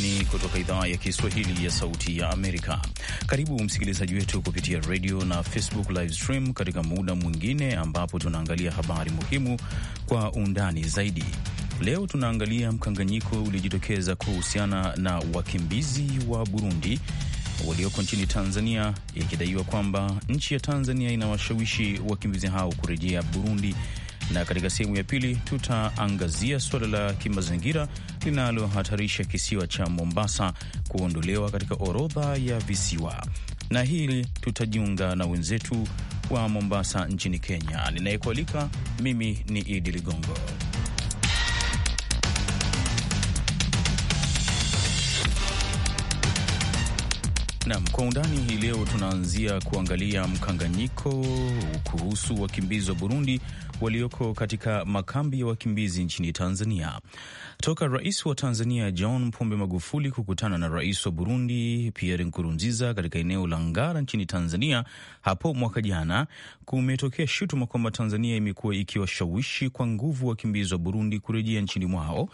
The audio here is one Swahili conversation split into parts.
Undani kutoka idhaa ya Kiswahili ya Sauti ya Amerika. Karibu msikilizaji wetu kupitia radio na Facebook live stream katika muda mwingine ambapo tunaangalia habari muhimu kwa undani zaidi. Leo tunaangalia mkanganyiko uliojitokeza kuhusiana na wakimbizi wa Burundi walioko nchini Tanzania, ikidaiwa kwamba nchi ya Tanzania inawashawishi wakimbizi hao kurejea Burundi na katika sehemu ya pili tutaangazia suala la kimazingira linalohatarisha kisiwa cha Mombasa kuondolewa katika orodha ya visiwa, na hili tutajiunga na wenzetu wa Mombasa nchini Kenya. Ninayekualika mimi ni Idi Ligongo. Nam, kwa undani hii leo tunaanzia kuangalia mkanganyiko kuhusu wakimbizi wa Burundi walioko katika makambi ya wakimbizi nchini Tanzania. Toka Rais wa Tanzania John Pombe Magufuli kukutana na Rais wa Burundi Pierre Nkurunziza katika eneo la Ngara nchini Tanzania hapo mwaka jana, kumetokea shutuma kwamba Tanzania imekuwa ikiwashawishi kwa nguvu wakimbizi wa Burundi kurejea nchini mwao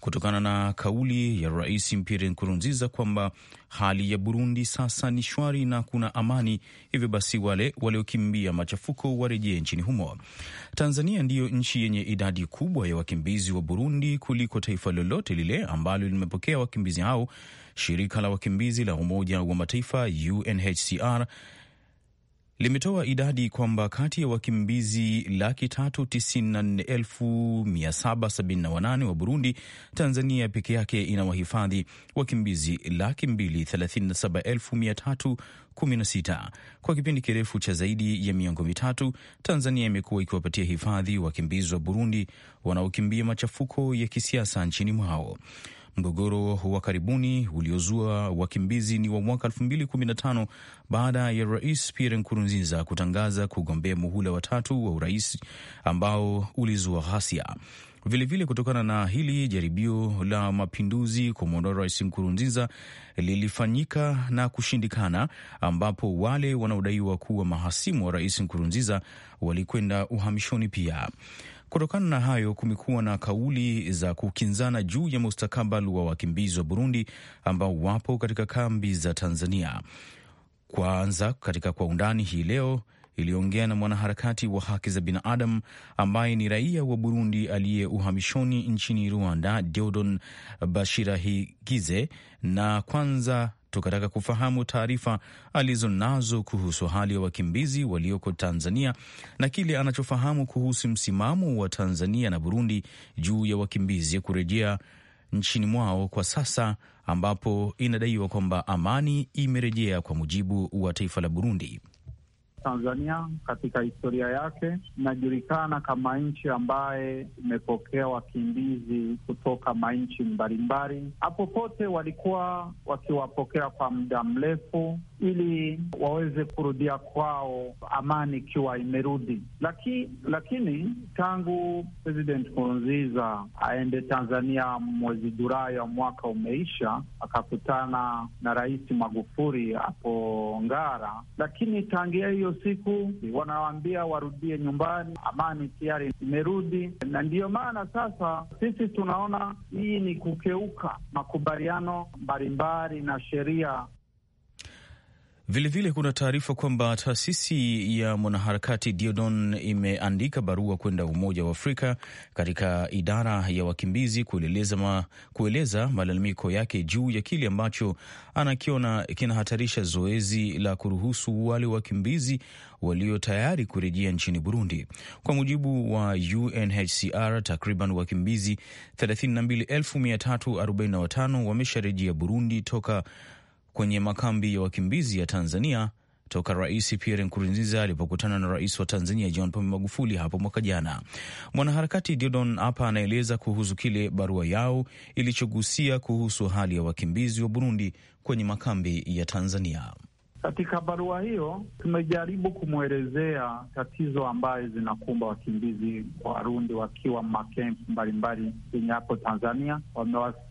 kutokana na kauli ya Rais Pierre Nkurunziza kwamba hali ya Burundi sasa ni shwari na kuna amani, hivyo basi wale waliokimbia machafuko warejee nchini humo. Tanzania ndiyo nchi yenye idadi kubwa ya wakimbizi wa Burundi kuliko taifa lolote lile ambalo limepokea wakimbizi hao. Shirika la wakimbizi la Umoja wa Mataifa UNHCR limetoa idadi kwamba kati ya wakimbizi laki tatu tisini na nne elfu mia saba sabini na wanane wa Burundi, Tanzania peke yake ina wahifadhi wakimbizi laki mbili thelathini na saba elfu mia tatu kumi na sita. Kwa kipindi kirefu cha zaidi ya miongo mitatu, Tanzania imekuwa ikiwapatia hifadhi wakimbizi wa Burundi wanaokimbia machafuko ya kisiasa nchini mwao. Mgogoro wa karibuni uliozua wakimbizi ni wa mwaka 2015 baada ya Rais Pierre Nkurunziza kutangaza kugombea muhula watatu wa urais ambao ulizua ghasia. Vilevile, kutokana na hili, jaribio la mapinduzi kumwondoa Rais Nkurunziza lilifanyika na kushindikana, ambapo wale wanaodaiwa kuwa mahasimu wa Rais Nkurunziza walikwenda uhamishoni pia. Kutokana na hayo, kumekuwa na kauli za kukinzana juu ya mustakabali wa wakimbizi wa Burundi ambao wapo katika kambi za Tanzania. Kwanza katika kwa undani hii leo iliyoongea na mwanaharakati wa haki za binadamu ambaye ni raia wa Burundi aliye uhamishoni nchini Rwanda, Deodon Bashirahigize, na kwanza tukataka kufahamu taarifa alizonazo kuhusu hali ya wakimbizi walioko Tanzania na kile anachofahamu kuhusu msimamo wa Tanzania na Burundi juu ya wakimbizi kurejea nchini mwao kwa sasa ambapo inadaiwa kwamba amani imerejea kwa mujibu wa taifa la Burundi. Tanzania katika historia yake inajulikana kama nchi ambaye imepokea wakimbizi kutoka manchi mbalimbali, hapo pote walikuwa wakiwapokea kwa muda mrefu ili waweze kurudia kwao amani ikiwa imerudi. Laki, lakini tangu President Nkurunziza aende Tanzania mwezi Julai wa mwaka umeisha, akakutana na Rais Magufuli hapo Ngara, lakini tangia hiyo hiyo siku wanawaambia warudie nyumbani, amani tayari imerudi. Na ndiyo maana sasa sisi tunaona hii ni kukeuka makubaliano mbalimbali na sheria Vilevile kuna taarifa kwamba taasisi ya mwanaharakati Diodon imeandika barua kwenda Umoja wa Afrika katika idara ya wakimbizi kueleza, ma, kueleza malalamiko yake juu ya kile ambacho anakiona kinahatarisha zoezi la kuruhusu wale wakimbizi walio tayari kurejea nchini Burundi. Kwa mujibu wa UNHCR, takriban wakimbizi 32345 wamesharejea Burundi toka kwenye makambi ya wakimbizi ya Tanzania toka Rais Pierre Nkurunziza alipokutana na rais wa Tanzania John Pombe Magufuli hapo mwaka jana. Mwanaharakati dodon hapa anaeleza kuhusu kile barua yao ilichogusia kuhusu hali ya wakimbizi wa Burundi kwenye makambi ya Tanzania. Katika barua hiyo tumejaribu kumwelezea tatizo ambayo zinakumba wakimbizi Warundi wakiwa makempu mbalimbali yenye hapo Tanzania.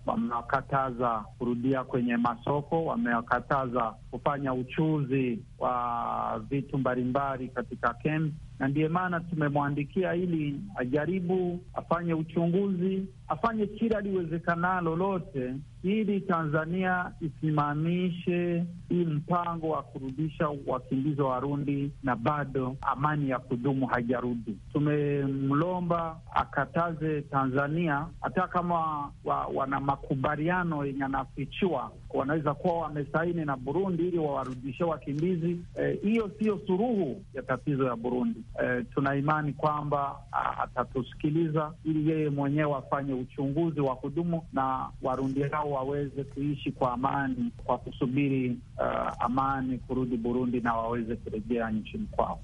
Wamewakataza kurudia kwenye masoko, wamewakataza kufanya uchuzi wa vitu mbalimbali katika kempu, na ndiyo maana tumemwandikia ili ajaribu afanye uchunguzi afanye kila liwezekanalo lote ili Tanzania isimamishe hii mpango wa kurudisha wakimbizi wa Warundi, na bado amani ya kudumu haijarudi. Tumemlomba akataze Tanzania, hata kama wa, wana makubaliano yenye anafichiwa wanaweza kuwa wamesaini na Burundi ili wawarudishe wakimbizi. E, hiyo e, siyo suruhu ya tatizo ya Burundi. E, tuna imani kwamba atatusikiliza ili yeye mwenyewe afanye uchunguzi wa kudumu na Warundi hao waweze kuishi kwa amani kwa kusubiri uh, amani kurudi Burundi na waweze kurejea nchini kwao.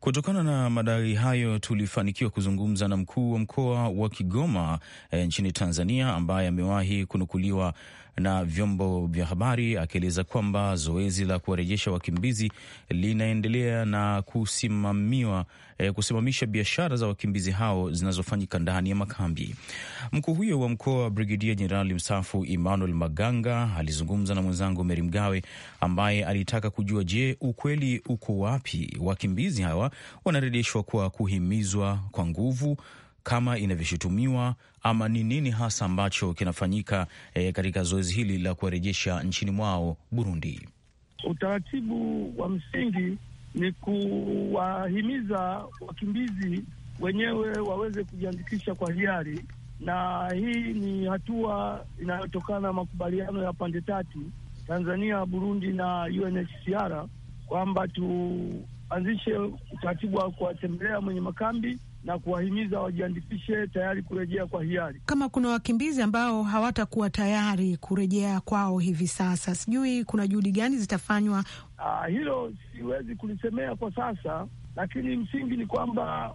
Kutokana na madai hayo tulifanikiwa kuzungumza na mkuu wa mkoa wa Kigoma e, nchini Tanzania ambaye amewahi kunukuliwa na vyombo vya habari akieleza kwamba zoezi la kuwarejesha wakimbizi linaendelea na kusimamiwa eh, kusimamisha biashara za wakimbizi hao zinazofanyika ndani ya makambi. Mkuu huyo wa mkoa wa Brigedia Jenerali mstaafu Emmanuel Maganga alizungumza na mwenzangu Meri Mgawe ambaye alitaka kujua, je, ukweli uko wapi? Wakimbizi hawa wanarejeshwa kwa kuhimizwa kwa nguvu kama inavyoshutumiwa ama ni nini hasa ambacho kinafanyika e, katika zoezi hili la kuwarejesha nchini mwao Burundi? Utaratibu wa msingi ni kuwahimiza wakimbizi wenyewe waweze kujiandikisha kwa hiari, na hii ni hatua inayotokana na makubaliano ya pande tatu, Tanzania, Burundi na UNHCR, kwamba tuanzishe utaratibu wa kuwatembelea mwenye makambi na kuwahimiza wajiandikishe tayari kurejea kwa hiari. Kama kuna wakimbizi ambao hawatakuwa tayari kurejea kwao hivi sasa, sijui kuna juhudi gani zitafanywa? Ah, hilo siwezi kulisemea kwa sasa, lakini msingi ni kwamba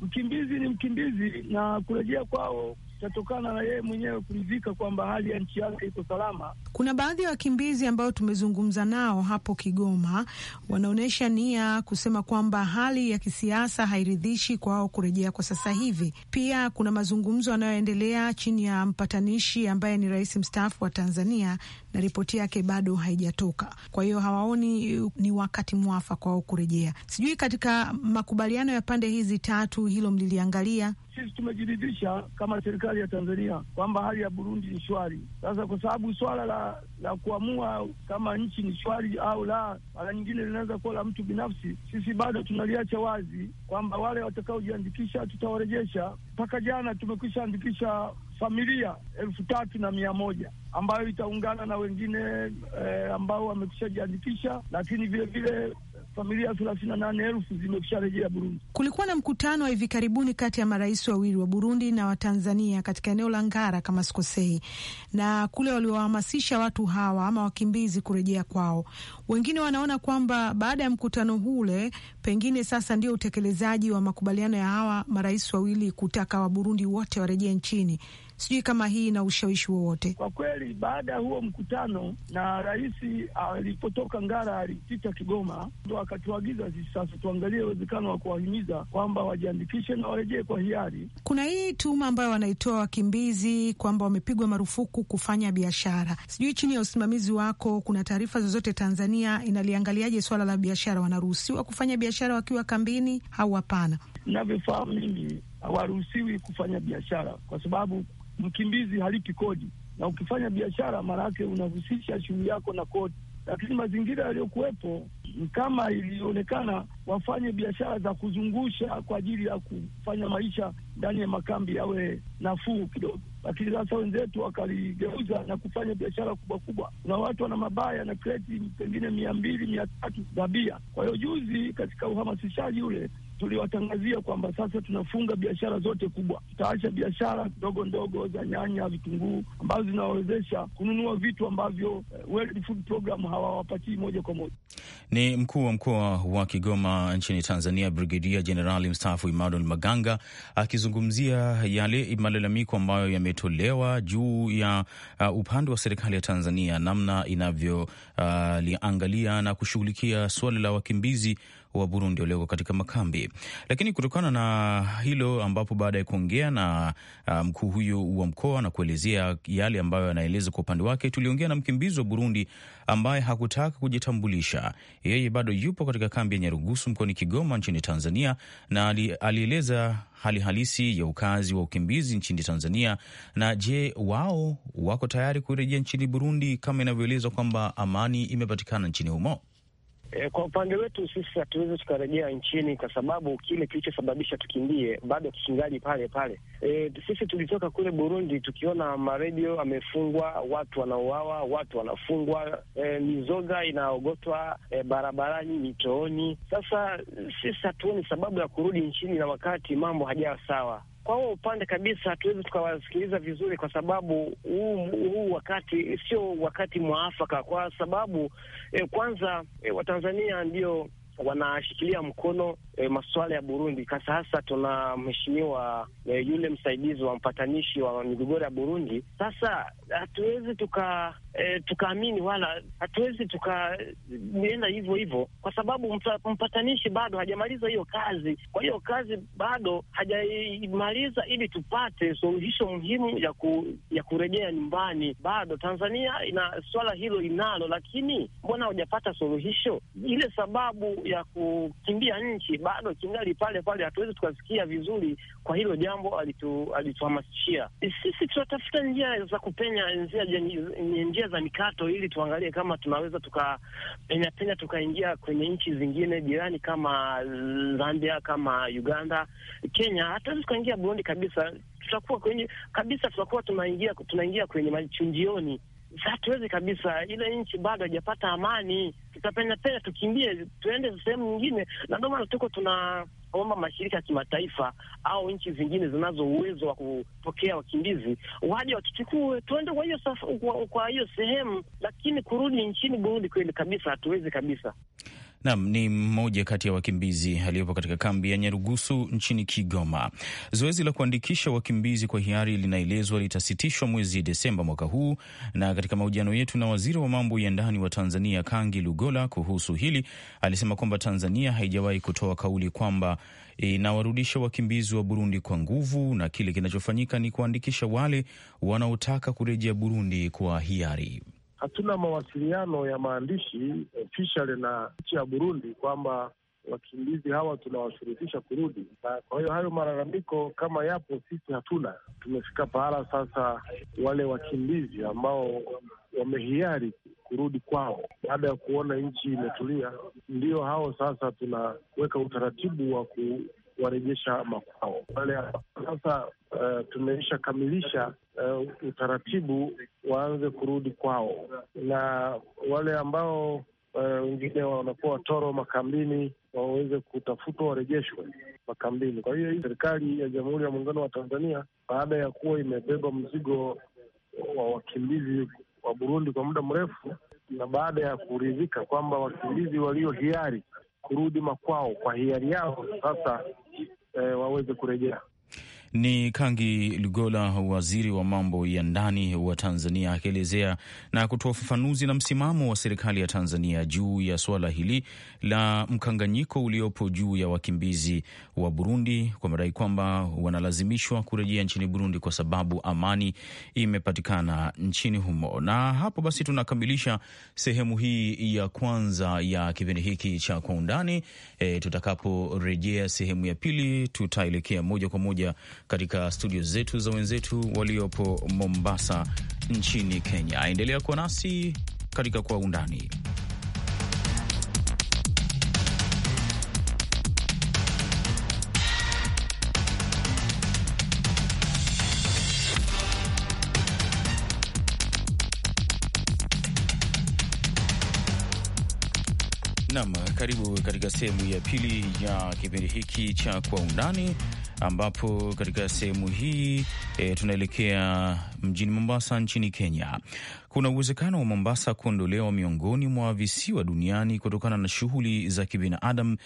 mkimbizi ni mkimbizi na kurejea kwao itatokana na yeye mwenyewe kuridhika kwamba hali ya nchi yake iko salama. Kuna baadhi ya wa wakimbizi ambao tumezungumza nao hapo Kigoma wanaonyesha nia kusema kwamba hali ya kisiasa hairidhishi kwao kurejea kwa sasa hivi. Pia kuna mazungumzo yanayoendelea chini ya mpatanishi ambaye ni rais mstaafu wa Tanzania na ripoti yake bado haijatoka. Kwa hiyo hawaoni uh, ni wakati mwafaka wao kurejea. Sijui katika makubaliano ya pande hizi tatu hilo mliliangalia? Sisi tumejiridhisha kama serikali ya Tanzania kwamba hali ya Burundi ni shwari. Sasa kwa sababu swala la la kuamua kama nchi ni shwari au la, mara nyingine linaweza kuwa la mtu binafsi. Sisi bado tunaliacha wazi kwamba wale watakaojiandikisha tutawarejesha. Mpaka jana tumekwisha andikisha familia elfu tatu na mia moja ambayo itaungana na wengine e, ambao wamekusha jiandikisha, lakini vile familia thelathini na nane elfu zimekusha rejea Burundi. Kulikuwa na mkutano wa hivi karibuni kati ya marais wawili wa Burundi na wa Tanzania katika eneo la Ngara kama sikosei, na kule waliowahamasisha watu hawa ama wakimbizi kurejea kwao. Wengine wanaona kwamba baada ya mkutano ule, pengine sasa ndio utekelezaji wa makubaliano ya hawa marais wawili kutaka Waburundi wote warejee nchini. Sijui kama hii ina ushawishi wowote kwa kweli. Baada ya huo mkutano na rais ah, alipotoka Ngara, alipita Kigoma, ndo akatuagiza sisi sasa tuangalie uwezekano wa kuwahimiza kwamba wajiandikishe na warejee kwa hiari. Kuna hii tuma ambayo wanaitoa wakimbizi kwamba wamepigwa marufuku kufanya biashara. Sijui chini ya usimamizi wako kuna taarifa zozote, Tanzania inaliangaliaje swala la biashara? Wanaruhusiwa kufanya biashara wakiwa kambini au hapana? Ninavyofahamu mimi, hawaruhusiwi kufanya biashara kwa sababu mkimbizi halipi kodi, na ukifanya biashara yake unahusisha shughuli yako na kodi. Lakini mazingira yaliyokuwepo kama ilionekana wafanye biashara za kuzungusha kwa ajili ya kufanya maisha ndani ya makambi yawe nafuu kidogo, lakini sasa wenzetu wakaligeuza na kufanya biashara kubwa kubwa. na watu wana mabaya na kreti pengine mia mbili mia tatu za bia. Kwa hiyo juzi katika uhamasishaji ule tuliwatangazia kwamba sasa tunafunga biashara zote kubwa, tutaacha biashara ndogo ndogo za nyanya, vitunguu ambazo zinawawezesha kununua vitu ambavyo eh, World Food Program hawawapatii moja kwa moja. Ni mkuu wa mkoa wa Kigoma nchini Tanzania, Brigedia Jenerali mstaafu Emmanuel Maganga akizungumzia yale malalamiko ambayo yametolewa juu ya uh, upande wa serikali ya Tanzania namna inavyoliangalia uh, na kushughulikia suala la wakimbizi wa Burundi walioko katika makambi. Lakini kutokana na hilo, ambapo baada ya kuongea na uh, mkuu huyu wa mkoa na kuelezea yale ambayo anaeleza kwa upande wake, tuliongea na mkimbizi wa Burundi ambaye hakutaka kujitambulisha. Yeye bado yupo katika kambi ya Nyarugusu mkoani Kigoma nchini Tanzania, na alieleza hali halisi ya ukazi wa ukimbizi nchini Tanzania na je, wao wako tayari kurejea nchini Burundi kama inavyoelezwa kwamba amani imepatikana nchini humo? E, kwa upande wetu sisi hatuwezi tukarejea nchini kwa sababu kile kilichosababisha tukimbie bado kikingali pale pale. E, sisi tulitoka kule Burundi tukiona maredio amefungwa, watu wanauawa, watu wanafungwa, e, mizoga inaogotwa e, barabarani, mitooni. Sasa sisi hatuoni sababu ya kurudi nchini na wakati mambo hajawa sawa. Kwa huo upande kabisa hatuwezi tukawasikiliza vizuri, kwa sababu huu huu wakati sio wakati mwafaka, kwa sababu eh, kwanza eh, Watanzania ndio wanashikilia mkono e, eh, masuala ya Burundi kasa hasa, tuna mheshimiwa e, yule msaidizi wa mpatanishi wa migogoro ya Burundi. Sasa hatuwezi tuka e, tukaamini wala hatuwezi tukaenda hivyo hivyo, kwa sababu mpatanishi bado hajamaliza hiyo kazi. Kwa hiyo kazi bado hajaimaliza ili tupate suluhisho muhimu ya, ku, ya kurejea nyumbani. Bado Tanzania ina swala hilo inalo, lakini mbona hujapata suluhisho? Ile sababu ya kukimbia nchi bado kingali pale pale, hatuwezi tukasikia vizuri kwa hilo jambo alitu, alituhamasishia. Sisi tunatafuta njia za kupenya njia za mikato, ili tuangalie kama tunaweza tukapenyapenya tukaingia kwenye nchi zingine jirani kama Zambia, kama Uganda, Kenya. Hatuwezi tukaingia Burundi kabisa, tutakuwa kwenye kabisa, tutakuwa tunaingia tunaingia kwenye machunjioni hatuwezi kabisa, ile nchi bado haijapata amani. Tutapenda tena tukimbie tuende sehemu nyingine, na ndio maana tuko tunaomba mashirika ya kimataifa au nchi zingine zinazo uwezo wa kupokea wakimbizi waje watuchukue, tuende kwa hiyo kwa hiyo sehemu, lakini kurudi nchini Burundi kweli kabisa hatuwezi kabisa. Nam ni mmoja kati ya wakimbizi aliyopo katika kambi ya Nyarugusu nchini Kigoma. Zoezi la kuandikisha wakimbizi kwa hiari linaelezwa litasitishwa mwezi Desemba mwaka huu, na katika mahojiano yetu na waziri wa mambo ya ndani wa Tanzania Kangi Lugola kuhusu hili alisema kwamba Tanzania haijawahi kutoa kauli kwamba inawarudisha wakimbizi wa Burundi kwa nguvu, na kile kinachofanyika ni kuandikisha wale wanaotaka kurejea Burundi kwa hiari hatuna mawasiliano ya maandishi official na nchi ya Burundi kwamba wakimbizi hawa tunawashurutisha kurudi. Kwa hiyo hayo malalamiko kama yapo, sisi hatuna. Tumefika pahala sasa, wale wakimbizi ambao wamehiari kurudi kwao baada ya kuona nchi imetulia, ndio hao sasa tunaweka utaratibu wa ku kuwarejesha makwao pale sasa. Uh, tumeisha kamilisha uh, utaratibu waanze kurudi kwao, na wale ambao eh, wengine uh, wanakuwa watoro makambini waweze kutafutwa warejeshwe makambini. Kwa hiyo serikali ya Jamhuri ya Muungano wa Tanzania baada ya kuwa imebeba mzigo wa wakimbizi wa Burundi kwa muda mrefu na baada ya kuridhika kwamba wakimbizi walio hiari kurudi makwao kwa hiari yao sasa, e, waweze kurejea. Ni Kangi Lugola, waziri wa mambo ya ndani wa Tanzania, akielezea na kutoa ufafanuzi na msimamo wa serikali ya Tanzania juu ya suala hili la mkanganyiko uliopo juu ya wakimbizi wa Burundi kwa madai kwamba wanalazimishwa kurejea nchini Burundi kwa sababu amani imepatikana nchini humo. Na hapo basi tunakamilisha sehemu hii ya kwanza ya kipindi hiki cha Kwa Undani. E, tutakaporejea sehemu ya pili tutaelekea moja kwa moja katika studio zetu za wenzetu waliopo Mombasa nchini Kenya. Endelea kuwa nasi katika Kwa Undani. Nam, karibu katika sehemu ya pili ya kipindi hiki cha Kwa Undani, ambapo katika sehemu hii e, tunaelekea mjini Mombasa nchini Kenya. Kuna uwezekano wa Mombasa kuondolewa miongoni mwa visiwa duniani kutokana na shughuli za kibinadamu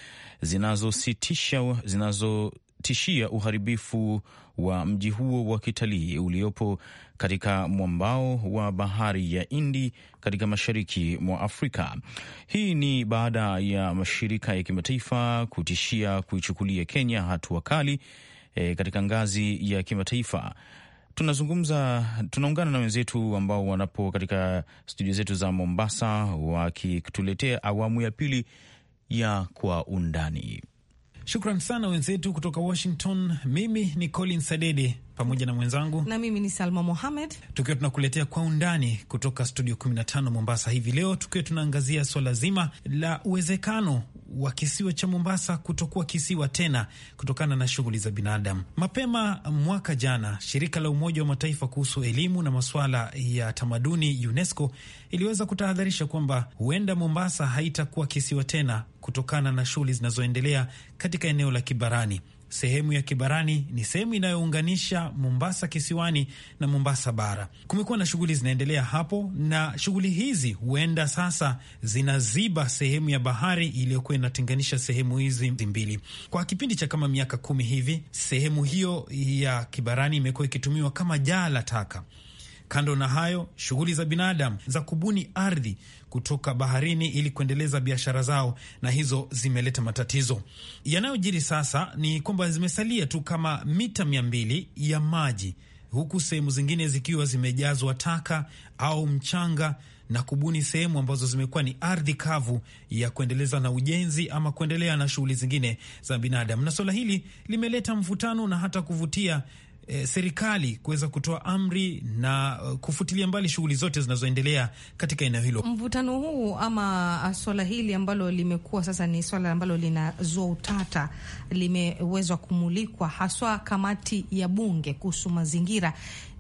zinazositisha zinazo kutishia uharibifu wa mji huo wa kitalii uliopo katika mwambao wa bahari ya Hindi katika mashariki mwa Afrika. Hii ni baada ya mashirika ya kimataifa kutishia kuichukulia Kenya hatua kali e, katika ngazi ya kimataifa. Tunazungumza, tunaungana na wenzetu ambao wanapo katika studio zetu za Mombasa wakituletea awamu ya pili ya Kwa Undani. Shukran sana wenzetu kutoka Washington. Mimi ni Colin Sadede pamoja na mwenzangu, na mimi ni Salma Mohamed, tukiwa tunakuletea kwa undani kutoka studio 15 Mombasa hivi leo, tukiwa tunaangazia swala zima la uwezekano wa kisiwa cha Mombasa kutokuwa kisiwa tena kutokana na shughuli za binadamu. Mapema mwaka jana, shirika la Umoja wa Mataifa kuhusu elimu na masuala ya tamaduni UNESCO iliweza kutahadharisha kwamba huenda Mombasa haitakuwa kisiwa tena kutokana na shughuli zinazoendelea katika eneo la Kibarani. Sehemu ya Kibarani ni sehemu inayounganisha Mombasa kisiwani na Mombasa bara. Kumekuwa na shughuli zinaendelea hapo, na shughuli hizi huenda sasa zinaziba sehemu ya bahari iliyokuwa inatenganisha sehemu hizi mbili. Kwa kipindi cha kama miaka kumi hivi, sehemu hiyo ya Kibarani imekuwa ikitumiwa kama jaa la taka. Kando na hayo, shughuli za binadamu za kubuni ardhi kutoka baharini ili kuendeleza biashara zao, na hizo zimeleta matatizo. Yanayojiri sasa ni kwamba zimesalia tu kama mita mia mbili ya maji, huku sehemu zingine zikiwa zimejazwa taka au mchanga na kubuni sehemu ambazo zimekuwa ni ardhi kavu ya kuendeleza na ujenzi ama kuendelea na shughuli zingine za binadamu. Na swala hili limeleta mvutano na hata kuvutia eh, serikali kuweza kutoa amri na e, kufutilia mbali shughuli zote zinazoendelea katika eneo hilo. Mvutano huu ama swala hili ambalo limekuwa sasa ni swala ambalo linazua utata, limewezwa kumulikwa haswa kamati ya bunge kuhusu mazingira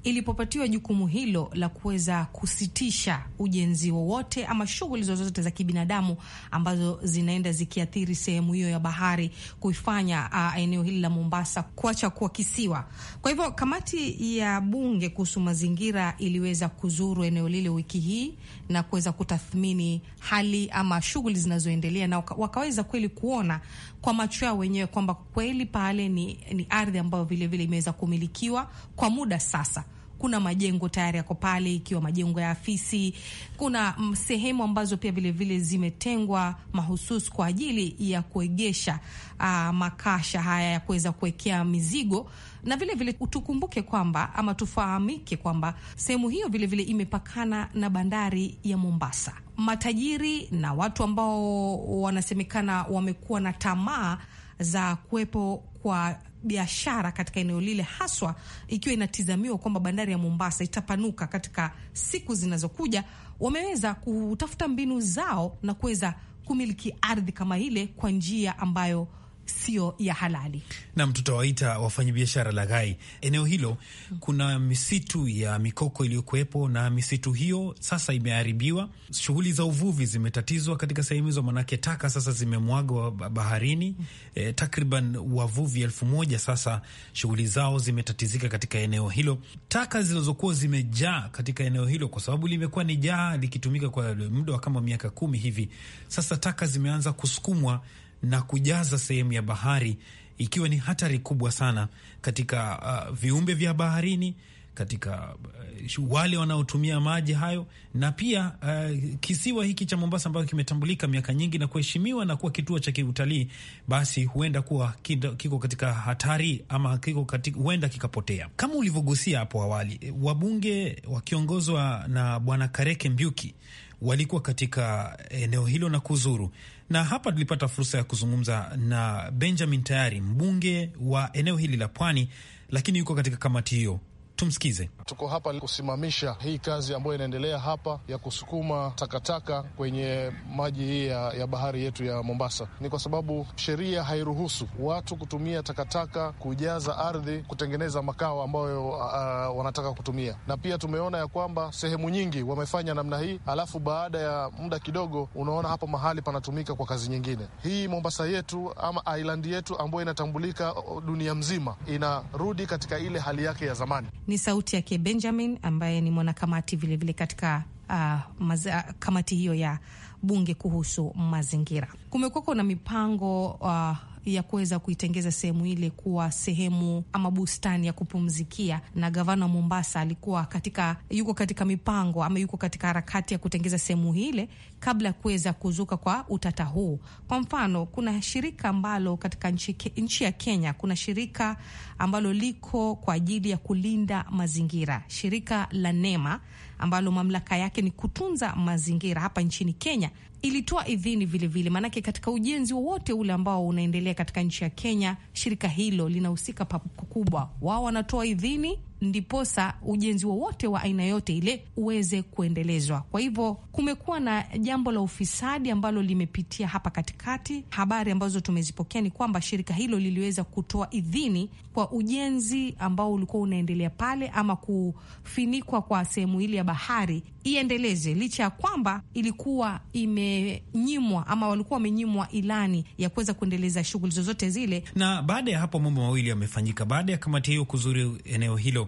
ilipopatiwa jukumu hilo la kuweza kusitisha ujenzi wowote ama shughuli zozote za kibinadamu ambazo zinaenda zikiathiri sehemu hiyo ya bahari, kuifanya uh, eneo hili la Mombasa kuacha kuwa kisiwa. Kwa hivyo kamati ya bunge kuhusu mazingira iliweza kuzuru eneo lile wiki hii na kuweza kutathmini hali ama shughuli zinazoendelea, na wakaweza kweli kuona kwa macho yao wenyewe kwamba kweli pale ni, ni ardhi ambayo vilevile imeweza kumilikiwa kwa muda sasa kuna majengo tayari yako pale, ikiwa majengo ya afisi. Kuna mm, sehemu ambazo pia vilevile zimetengwa mahususi kwa ajili ya kuegesha uh, makasha haya ya kuweza kuwekea mizigo na vile vile tukumbuke kwamba ama tufahamike kwamba sehemu hiyo vile vile imepakana na bandari ya Mombasa. Matajiri na watu ambao wanasemekana wamekuwa na tamaa za kuwepo kwa biashara katika eneo lile, haswa ikiwa inatizamiwa kwamba bandari ya Mombasa itapanuka katika siku zinazokuja. Wameweza kutafuta mbinu zao na kuweza kumiliki ardhi kama ile kwa njia ambayo sio ya halali. Nam, tutawaita wafanyabiashara laghai. Eneo hilo kuna misitu ya mikoko iliyokuwepo, na misitu hiyo sasa imeharibiwa. Shughuli za uvuvi zimetatizwa katika sehemu hizo, manake taka sasa zimemwagwa baharini. E, takriban wavuvi elfu moja sasa shughuli zao zimetatizika katika eneo hilo. Taka zinazokuwa zimejaa katika eneo hilo, kwa sababu limekuwa ni jaa likitumika kwa muda wa kama miaka kumi hivi, sasa taka zimeanza kusukumwa na kujaza sehemu ya bahari, ikiwa ni hatari kubwa sana katika uh, viumbe vya baharini katika uh, wale wanaotumia maji hayo na pia uh, kisiwa hiki cha Mombasa ambacho kimetambulika miaka nyingi na kuheshimiwa na kuwa kituo cha kiutalii, basi huenda kuwa kiko katika hatari ama kiko katika, huenda kikapotea kama ulivyogusia hapo awali. Wabunge wakiongozwa na Bwana Kareke Mbyuki walikuwa katika eneo hilo na kuzuru, na hapa tulipata fursa ya kuzungumza na Benjamin Tayari, mbunge wa eneo hili la Pwani, lakini yuko katika kamati hiyo Tumsikize. Tuko hapa kusimamisha hii kazi ambayo inaendelea hapa ya kusukuma takataka kwenye maji hii ya, ya bahari yetu ya Mombasa. Ni kwa sababu sheria hairuhusu watu kutumia takataka kujaza ardhi kutengeneza makao ambayo uh, uh wanataka kutumia, na pia tumeona ya kwamba sehemu nyingi wamefanya namna hii, alafu baada ya muda kidogo unaona hapa mahali panatumika kwa kazi nyingine. Hii Mombasa yetu ama island yetu ambayo inatambulika uh, dunia mzima inarudi katika ile hali yake ya zamani. Ni sauti yake Benjamin ambaye ni mwanakamati vilevile katika uh, maza, kamati hiyo ya bunge kuhusu mazingira. Kumekuwako na mipango uh, ya kuweza kuitengeza sehemu ile kuwa sehemu ama bustani ya kupumzikia, na gavana wa Mombasa alikuwa katika yuko katika mipango ama yuko katika harakati ya kutengeza sehemu ile kabla ya kuweza kuzuka kwa utata huu. Kwa mfano, kuna shirika ambalo katika nchi, nchi ya Kenya kuna shirika ambalo liko kwa ajili ya kulinda mazingira, shirika la NEMA ambalo mamlaka yake ni kutunza mazingira hapa nchini Kenya ilitoa idhini vilevile, maanake katika ujenzi wowote ule ambao unaendelea katika nchi ya Kenya, shirika hilo linahusika pakubwa. Wao wanatoa idhini ndiposa ujenzi wowote wa aina yote ile uweze kuendelezwa. Kwa hivyo kumekuwa na jambo la ufisadi ambalo limepitia hapa katikati. Habari ambazo tumezipokea ni kwamba shirika hilo liliweza kutoa idhini kwa ujenzi ambao ulikuwa unaendelea pale, ama kufinikwa kwa sehemu ile ya bahari iendeleze, licha ya kwamba ilikuwa imenyimwa ama walikuwa wamenyimwa ilani ya kuweza kuendeleza shughuli zozote zile. Na baada ya hapo mambo mawili yamefanyika baada ya kamati hiyo kuzuri eneo hilo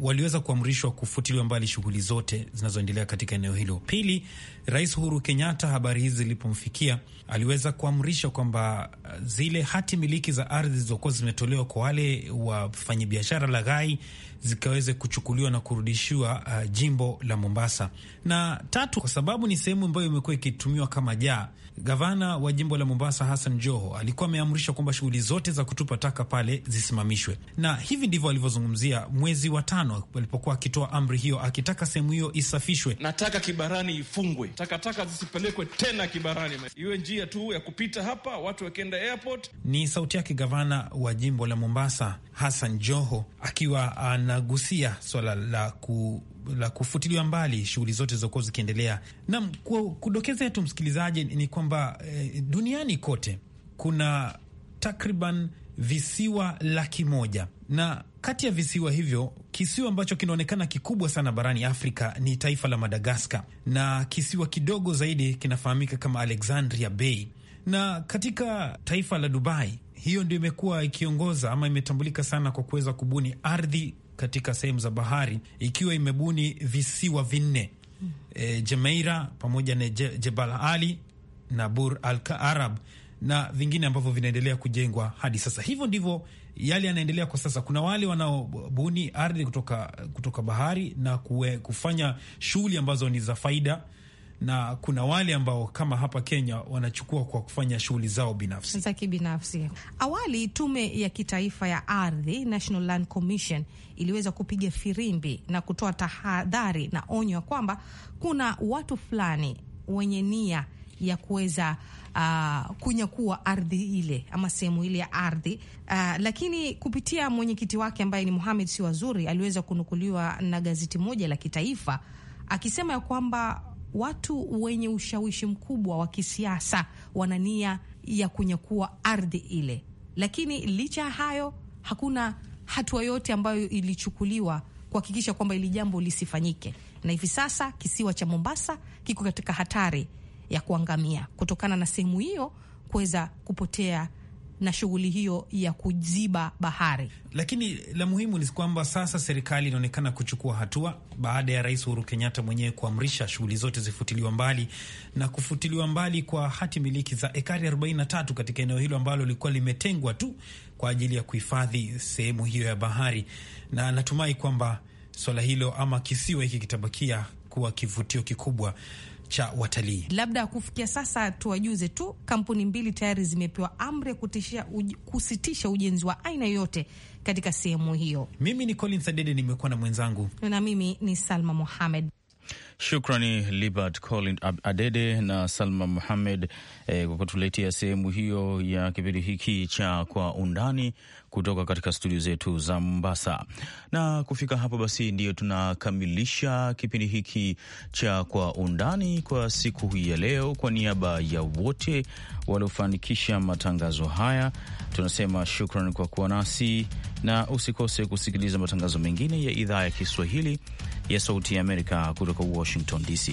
waliweza kuamrishwa kufutiliwa mbali shughuli zote zinazoendelea katika eneo hilo. Pili, Rais Uhuru Kenyatta, habari hizi zilipomfikia, aliweza kuamrisha kwamba uh, zile hati miliki za ardhi zilizokuwa zimetolewa kwa wale wafanyabiashara laghai zikaweze kuchukuliwa na kurudishiwa uh, jimbo la Mombasa. Na tatu, kwa sababu ni sehemu ambayo imekuwa ikitumiwa kama jaa, gavana wa jimbo la Mombasa Hassan Joho alikuwa ameamrisha kwamba shughuli zote za kutupa taka pale zisimamishwe, na hivi ndivyo alivyozungumzia mwezi wa tano Jumatano alipokuwa akitoa amri hiyo akitaka sehemu hiyo isafishwe. Nataka Kibarani ifungwe, takataka zisipelekwe tena Kibarani, iwe njia tu ya kupita hapa watu wakienda airport. Ni sauti yake gavana wa jimbo la Mombasa Hassan Joho akiwa anagusia swala la ku la kufutiliwa mbali shughuli zote zilizokuwa zikiendelea. Nam, kudokezea tu msikilizaji, ni kwamba e, duniani kote kuna takriban visiwa laki moja na kati ya visiwa hivyo kisiwa ambacho kinaonekana kikubwa sana barani Afrika ni taifa la Madagaskar, na kisiwa kidogo zaidi kinafahamika kama Alexandria Bay. Na katika taifa la Dubai, hiyo ndio imekuwa ikiongoza ama imetambulika sana kwa kuweza kubuni ardhi katika sehemu za bahari, ikiwa imebuni visiwa vinne hmm. e, eh, Jemeira pamoja na Jebal Ali na Bur al Arab na vingine ambavyo vinaendelea kujengwa hadi sasa. Hivyo ndivyo yale yanaendelea kwa sasa. Kuna wale wanaobuni ardhi kutoka, kutoka bahari na kue, kufanya shughuli ambazo ni za faida na kuna wale ambao kama hapa Kenya wanachukua kwa kufanya shughuli zao binafsi za kibinafsi. Awali tume ya kitaifa ya ardhi, National Land Commission, iliweza kupiga firimbi na kutoa tahadhari na onyo ya kwamba kuna watu fulani wenye nia ya kuweza uh, kunyakua ardhi ile ama sehemu ile ya ardhi uh, lakini kupitia mwenyekiti wake ambaye ni Mohamed wazuri aliweza kunukuliwa na gazeti moja la kitaifa akisema ya kwamba watu wenye ushawishi mkubwa wa kisiasa wana nia ya kunyakua ardhi ile, lakini licha ya hayo hakuna hatua yote ambayo ilichukuliwa kuhakikisha kwamba ili jambo lisifanyike, na hivi sasa kisiwa cha Mombasa kiko katika hatari ya kuangamia kutokana na sehemu hiyo kuweza kupotea na shughuli hiyo ya kuziba bahari. Lakini la muhimu ni kwamba sasa serikali inaonekana kuchukua hatua baada ya Rais Uhuru Kenyatta mwenyewe kuamrisha shughuli zote zifutiliwa mbali na kufutiliwa mbali kwa hati miliki za ekari 43 katika eneo hilo ambalo lilikuwa limetengwa tu kwa ajili ya kuhifadhi sehemu hiyo ya bahari, na natumai kwamba swala hilo ama kisiwa hiki kitabakia kuwa kivutio kikubwa cha watalii. Labda kufikia sasa tuwajuze tu, kampuni mbili tayari zimepewa amri ya kusitisha ujenzi wa aina yoyote katika sehemu hiyo. Mimi ni Colin Sadede, nimekuwa na mwenzangu na mimi ni Salma Mohamed. Shukrani Libert Colin Adede na Salma Muhammed eh, kwa kutuletea sehemu hiyo ya kipindi hiki cha Kwa Undani kutoka katika studio zetu za Mombasa. Na kufika hapo basi, ndiyo tunakamilisha kipindi hiki cha Kwa Undani kwa siku hii ya leo. Kwa niaba ya wote waliofanikisha matangazo haya, tunasema shukrani kwa kuwa nasi, na usikose kusikiliza matangazo mengine ya idhaa ya Kiswahili ya Sauti ya Amerika kutoka Washington DC.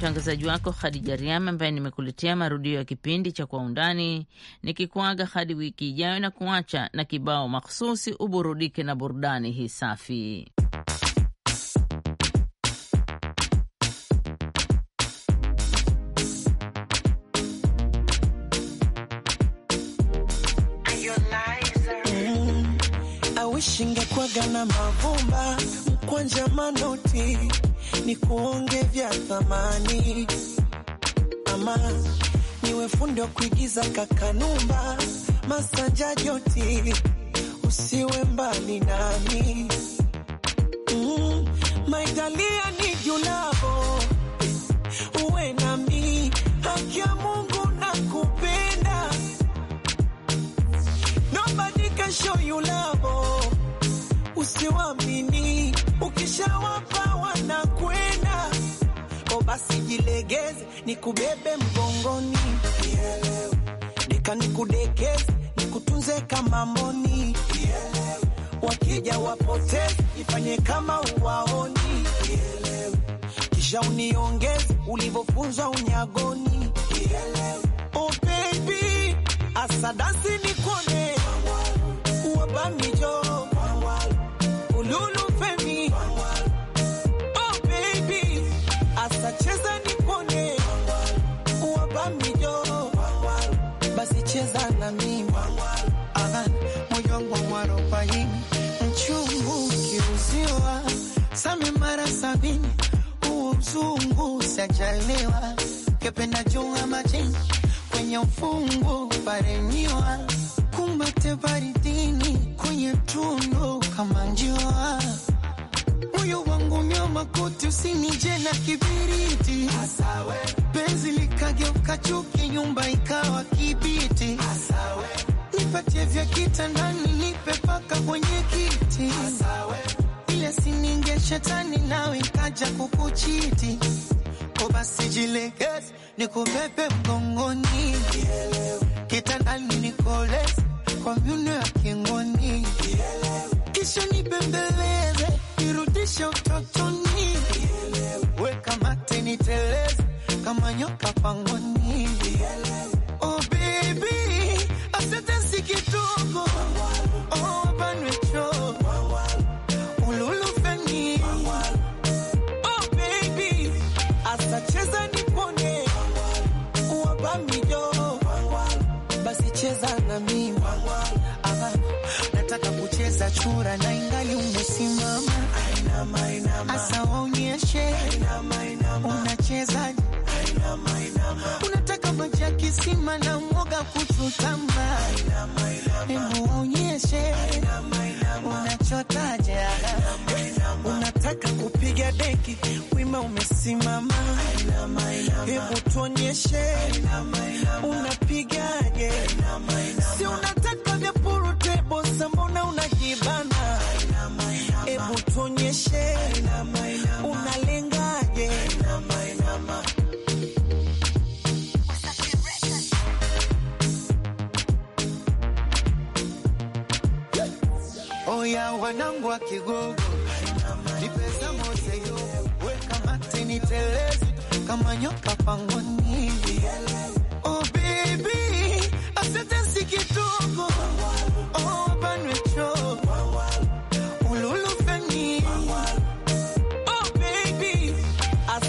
mtangazaji wako Khadija Riama ambaye nimekuletea marudio ya kipindi cha Kwa Undani, nikikuaga hadi wiki ijayo na kuacha na kibao makhususi uburudike na burudani hii safi. Mm, na mavumba mkwanja manoti ni kuonge vya thamani ama niwe fundi wa kuigiza kakanumba masanja joti usiwe mbali nami mm, mm-hmm. maitalia ni julavo uwe nami haki ya Mungu na kupenda nobody can show you love usiwamini ukishawapa nisogeze, nikubebe mgongoni, deka nikudekeze, nikutunze kama mboni, wakija wapoteze, ifanye kama uwaoni, kisha uniongeze ulivyofunzwa unyagoni. Oh baby, asadasi nikone wabamijo mzungu sajaliwa kependa junga maji kwenye ufungu pareniwa kumbate baridini kwenye tundu kama njiwa moyo wangu nyoma koti usinije na kibiriti penzi likageuka chuki nyumba ikawa kibiti nipatie vya kitandani nipe paka kwenye kiti asawe sininge shetani nawe kaja ku kuchiti kobasijilegezi nikubebe mgongoni kitandani nikolezi kwa myuno ya kingoni kisha nibembeleze nirudishe utotoni weka mate niteleze kama nyoka pangoni. Oh baby, asante si kidogo oh. Unaweza chora na ingali umesimama, asa waonyeshe unacheza, unataka maji ya kisima na mwoga kuchutama, hebu waonyeshe unachotaja, unataka kupiga deki, wima umesimama, hebu tuonyeshe unapigaje unafanyaje? Unalengaje? Oya wanangu wa Kigogo, nipesa mose yo, weka mate niteleze kama nyoka pangoni. Oh baby, asante si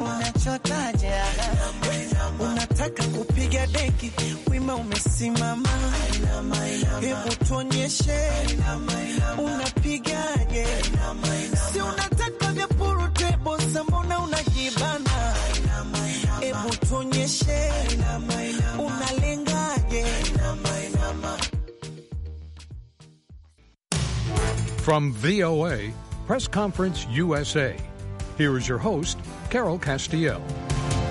unachotaja unataka kupiga deki, wima umesimama, hebu tuonyeshe unapigaje, si unataka vya puru unajibana? Hebu tuonyeshe unalengaje. From VOA Press Conference USA, here is your host Carol Castillo.